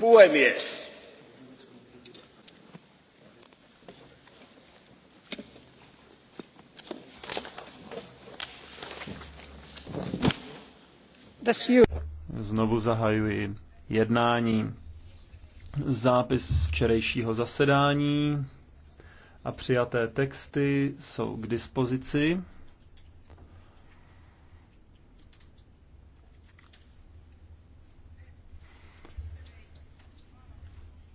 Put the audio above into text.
Puhemies. Znovu zahajuji jednání. Zápis včerejšího zasedání a přijaté texty jsou k dispozici.